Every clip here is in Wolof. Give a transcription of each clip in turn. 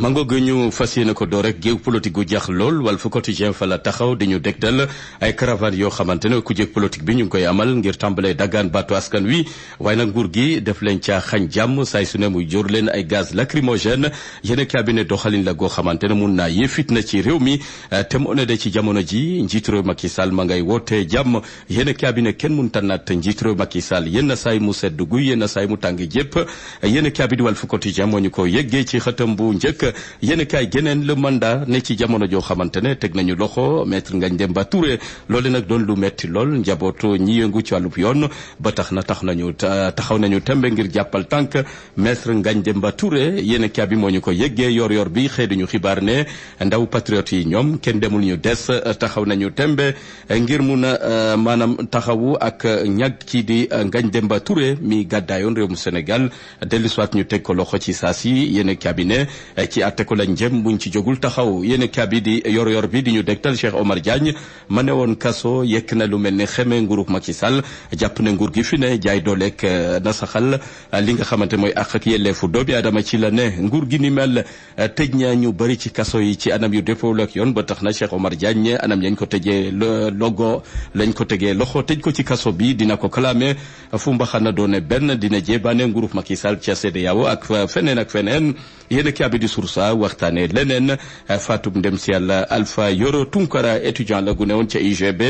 mangoog ñu fas yéene ko door rek géew politique gu jax lool Walf Quotidien fa la taxaw di ñu dégtal ay caravane yoo xamante ne ku jeeg politique bi ñu ngi koy amal ngir tàmbalee daggaan baatu kan wi waaye nag nguur gi def leen ca xañ jàmm say su ne muy jor leen ay gaz lacrymogène yéen cabinet doxalin la goo xamante ne mun naa yee fitna ci réew mi te mu ne de ci jamono ji njiitu réew Macky Sall ma ngay woote jàmm yéen cabinet kenn mun tànnaat njiitu réew Macky Sall yenn saay mu sedd guy yenn saay mu tàng jépp yéen cabinet Walf Quotidien moo ñu ko yëggee ci xëtam bu njëkk yéen kaay geneen le mandat ne ci jamono joo xamante ne teg nañu loxo ngañ dem ba Touré loole nag doon lu metti lool njabooto ñi yëngu ci wàllub yoon ba tax na tax nañu taxaw nañu tembe ngir jàppal tànk maître Ngagne Demba Touré yéen kaay bi moo ñu ko yëggee yor-yor bi xëy ñu xibaar ne ndaw patriote yi ñoom kenn demul ñu des taxaw nañu tembe ngir mun a maanaam taxawu ak ñag kii di Ngagne Demba Touré mi gàddaayoon réew mu Sénégal dellu soit ñu teg ko loxo ci saa si yéen ci ci àtte ko lañ jëm buñ ci jogul taxaw yéen kaa bi di yor-yor bi di ñu dégtal Cheikh Omar Diagne ma ne woon kaso yekk na lu mel ne xeme nguurug Macky Sall jàpp ne nguur gi fi ne jaay dooleeg euh, nasaxal li nga xamante mooy àq ak yelleefu doomi aadama ci la ne nguur gi ni mel euh, tëj ñaa ñu bëri ci kaso yi ci anam yu déppoo ak yoon ba tax na Cheikh Omar Diagne anam yañ ko tëjee logo lañ ko tege loxo tëj ko ci kaso bi dina ko kalaame fu mbaxana done ben dina jébaane nguurug Macky Sall ca CEDEAO ak feneen ak feneen yéen kaa bi saa waxtaanee leneen faatub ndem si yàlla Alpha Yoro Tunkara étudiant la gu newoon ca UGB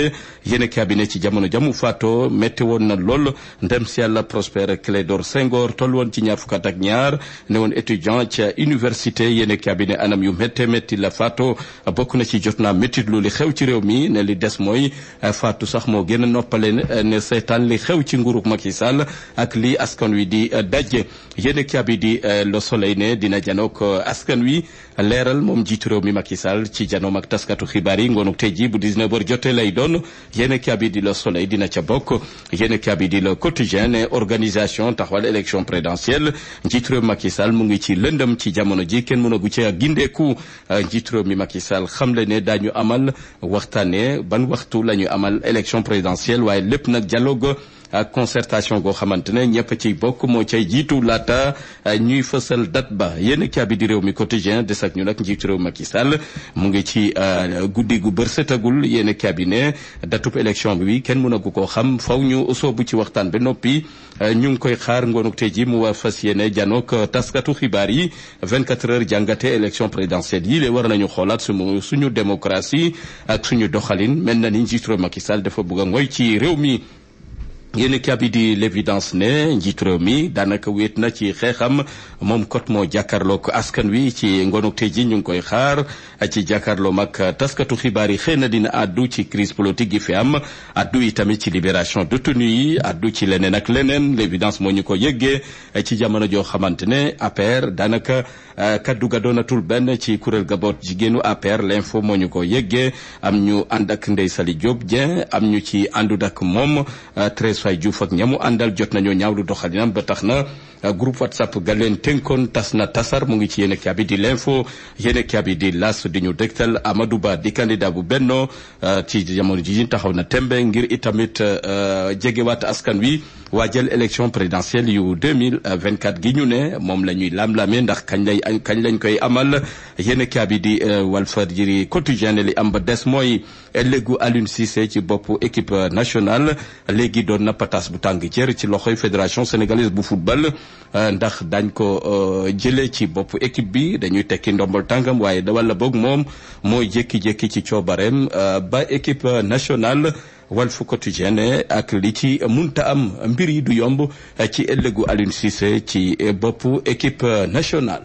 yéen cabinet ci jamono jamu faato métti woon na lool ndem si yàlla Prospère Clédor Senghor toll woon ci ñaar fukk ak ñaar ne woon étudiant ca université yéen cabinet anam yu méttee métti la faato bokk na ci jot na métti li xew ci réew mi ne li des mooy faatu sax moo gën a noppale ne seetaan li xew ci nguurug Macky Sall ak li askan wi di daje yéen cabinet di Le Soleil dina janook askan wi leeral moom jiitu réew mi Macky Sall ci janoom ak taskatu xibaar yi ngoonu tey jii bu 19h jotee lay doon yéen kabi di Le Soleil dina ca bokk yéen kabi di Le Quotidien ne organisation taxawal élection présidentielle njiitu réew Macky Sall mu ngi ci lëndam ci jamono ji kenn mën a gu ci gindeeku njiitu réew mi Macky Sall xam le ne daañu amal waxtaanee ban waxtu la ñu amal élection présidentielle waaye lépp nag dialogue ak concertation goo xamante ne ñëpp ciy bokk moo cay jiitu laata euh, ñuy fësal date ba yéen caabi di réew mi quotidien des ak ñu nag njiitu réew Macky Sall mu ngi ci euh, guddi gu bër setagul yéen caabi ne datub élection bi kenn mënagu koo xam faw ñu soobu ci waxtaan ba noppi euh, ñu ngi koy xaar ngoonuk tey ji mu war fas yéene janook taskatu xibaar yi 24 heures jàngate élection présidentielle yi war nañu xoolaat suñu suñu démocratie ak suñu doxalin mel na ni njiitu réew Macky Sall dafa bëgg a ngoy ci réew mi yéen kabi di l'évidence ne njiitu réew mi daanaka wéet na ci xeexam moom kot moo jàkkaarloog askan wi ci ngoonu tey ji ñu ngi koy xaar ci jàkkaarloom ak taskatu xibaar yi xëy na dina addu ci crise politique yi fi am addu yi tamit ci libération détenu yi addu ci leneen ak leneen l'évidence moo ñu ko yëggee ci jamono joo xamante ne APR daanaka euh, kaddu ga benn ci kuréel ga boot jigéenu APR l'info moo ñu ko yëggee am ñu ànd ak Ndeye Sali Diop Dieng am ñu ci àndut ak moom euh, Abdoulaye Diouf ak ñamu àndal jot nañoo ñaawlu doxalinam ba tax na Euh, groupe whatsapp ga leen tënkoon tas na tasar mu ngi ci yéen a bi di l'info yéen a bi di las di ñu dégtal Amadou Ba di candidat bu benno euh, ci jamono ji taxaw na tembe ngir itamit euh, jegewaat askan wi waajal élection présidentielle yu 2024 gi ñu ne moom la ñuy lam-lame ndax kañ lay kañ lañ koy amal yéen a bi di Walfadjri quotidien li am ba des mooy ëllëgu Aliou Cissé ci boppu équipe nationale léegi doon na bu tàng jër ci loxoy fédération sénégalaise bu football Euh, ndax dañ ko euh, jële ci bopp équipe bi dañuy tekki ndombol tàngam waaye da wala boog moom mooy jékki-jékki ci coobareem euh, ba équipe nationale Walf Quotidien ak li ci munta am mbir yi du yomb ci ëllëgu Aliou Cissé ci bopp équipe nationale.